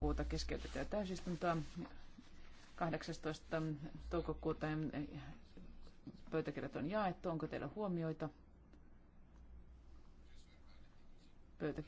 toukokuuta keskeytetään täysistuntoa. 18. toukokuuta pöytäkirjat on jaettu. Onko teillä huomioita? Pöytäkirjat